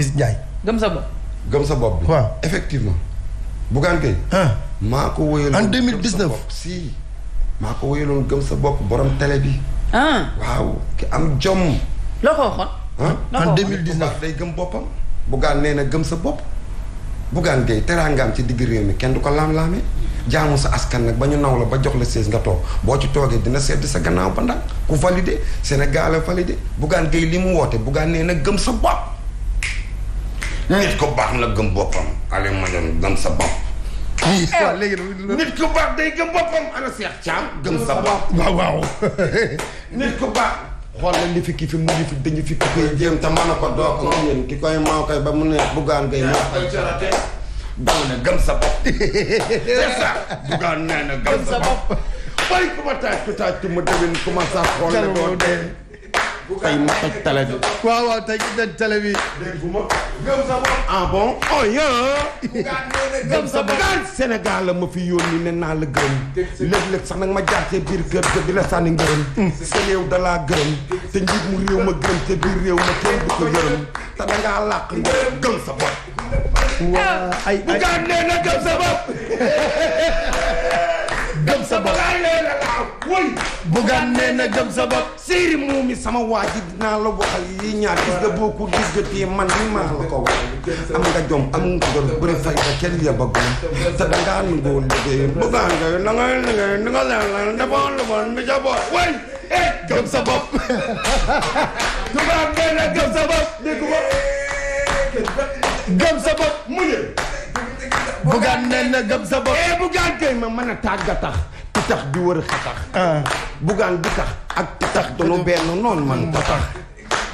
Papis Ndiaye. gëm sa bopp. gëm sa bopp bi waaw effectivement. Bougane Gueye. maa ko wóyaloon en deux mille dix neuf si. maa ko wóyaloon gëm sa bopp borom télé bi. waaw ki am jom. loo ko waxoon. en deux day gëm boppam. Bougane nee na gëm sa bopp. Bougane Gueye teraangaam ci diggu réew mi kenn du ko laam-laamee. jaamu sa askan nag ba ñu naw la ba jox la sées nga toog boo ci toogee dina sedd sa gannaaw ba ndax ku validé Sénégal a validé Bougane Gueye li mu woote Bougane nee na gëm sa bopp. nit ku baax na gëm boppam Aliou Mandione gëm sa bopp. waaw eh, léegi nit ku baax day gëm boppam ana Cheikh Thiam gëm sa bopp. waaw waaw. nit ku baax. xool fi kii fi mu ngi fi dañu fi. ko doo ko ki koy maaw koy ba mu ne bugaan ngay maaw koy ne sa bopp. na gëm sa bopp. bari ku ma taaj ku taaj tu ma déwén ku ma sax xool ne dee. tey ma toj télé bi. waaw waaw tey ki toj ah bon oh yee. gëm sa bopp Sénégal la ma fi yónni ne la gërëm. léeg-léeg sax ma jaar ci biir kër ga di la sànni da laa te njiit mu réew ma ma kenn te da ngaa làq ngërëm gëm sa bopp. waa ay ay bu gàtt nee na gëm gëm sa bopp bugaan la laaw woy bugaan nee na gëm sa bopp séeri moomi sama waa ji dinaa la waxal yi ñaar gis nga boo ko gis jotee man ni maa la ko wax am nga jom am nga jom bëri fay nga kenn yabagul te dangaa nangoo liggéey bugaan nga na nga liggéey ni nga leen lan defoon lu bon mi sa bopp woy eh gëm sa bopp bugaan nee na gëm sa bopp dégg ko gëm sa bopp mu ne bugaan nee na gëm sa bopp eh bugaan tey ma mën a tàgga tax tax di wër xatax ah. bugaan di tax ak tax doonu benn noonu man ba tax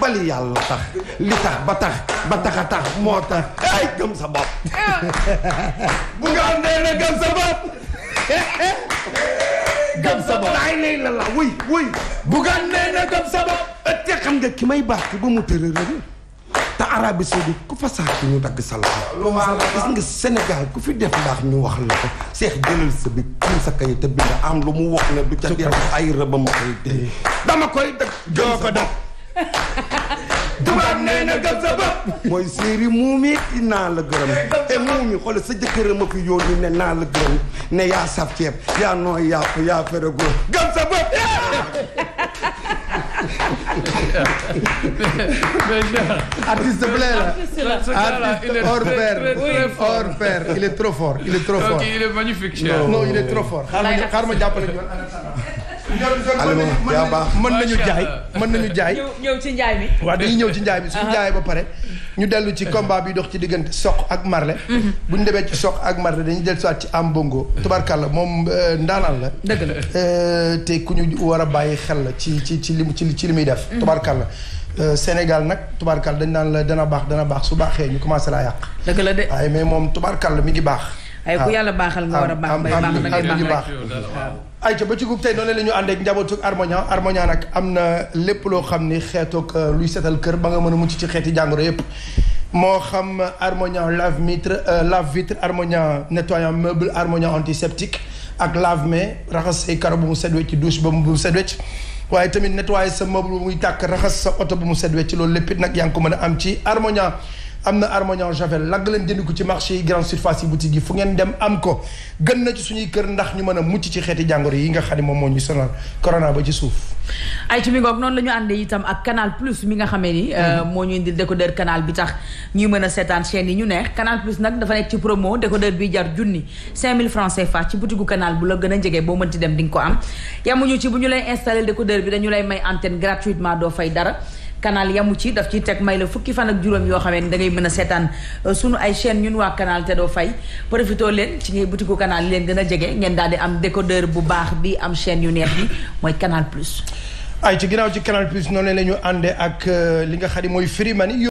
bali yàlla tax li tax ba tax ba a tax moo tax ay gëm sa bopp bugaan dee na gëm sa bopp gëm sa bopp laay lay la la wuy wuy bugaan nee na gëm sa bopp te xam may baax ba mu tërërëri te Arabie Saoudite ku fa sax ñu dagg sa loxo gis nga Sénégal ku fi def ndax ñu wax la ko seex jëlal sa bi kin sa kay te bind am lu mu wax ne du ca def ay rëbam koy dee dama koy def joo ko la gërëm te muumi xoolal sa jëkkëram a fi yónni ne naa la gërëm ne yaa saf ceeb yaa nooy yàpp yaa feragoo gëm sa bopp artiste bleu là artiste hors pair hors pair il est trop fort il est ma jàppale ñu mën nañu jaay mën nañu jaay ñëw ci njaay mi waaw dañuy ñëw ci njaay mi suñu jaayee ba pare ñu dellu ci combat bi dox ci diggante soq ak Marley mhm. bu ñu ci Sokh ak Marley dañuy dellu soit ci am bongo tubarkàlla moom euh, ndaanaan la dëgg la euh, te ku ñu war a bàyyi xel la ci ci ci li ci li muy def mhm. tubarkàlla Euh, Sénégal nag tubaarkal dañ naan la dana baax dana baax su baaxee ñu commencé laa yàq. dëgg la de waaye mais moom tubaarkal mi ngi baax. ay ku yàlla baaxal nga a baax bay baax da ngay baax ba ci gub tey noonu la ànd ak njabootu Harmonia Harmonia nag am na lépp loo xam ni xeetoog euh, luy setal kër ba nga mën a mucc ci xeeti jàngoro yépp moo xam Harmonia lave vitre euh, lave vitre Harmonia nettoyant meuble Harmonia antiseptique ak lave main raxas say karo bu mu set wecc douche ba mu set wecc waaye tamit nettoyer sa meuble muy tàkk raxas sa oto bu mu set wecc loolu lépp nag yaa ko mën a am ci Harmonia am na Armagnan Javel lagg leen jënd ko ci marché yi grande surface yi boutique yi fu ngeen dem am ko gën na ci suñuy kër ndax ñu mën a mucc ci xeeti jàngoro yi nga xam ne moom moo ñu sonal corona ba ci suuf. ay ci mi ngoog noonu la ñu àndee itam mi nga xamee ni. Euh, mm-hmm. moo ñu indil décodeur canal bi tax ñuy mën a seetaan chaîne yi ñu neex Canal Plus nag dafa nekk ci promo décodeur bi jar junni 5000 francs CFA ci boutique Canal bu la gën a jege boo mënti dem di ko am yamuñu ci bu ñu lay installé décodeur bi dañu lay may antenne gratuitement doo canal yamu ci daf ci teg may la fukki fan ak juróom yoo xamee ni da mën a seetaan euh, sunu ay chaîne ñun waa canal te doo fay profitoo leen ci ngay butiku canal yi leen gën a jege ngeen daal di am décodeur bu baax bi am chaîne yu neex bi mooy canal plus ay ci ginnaaw ci canal plus noonu la ñu ànd ak euh, li nga xam ne mooy Free Money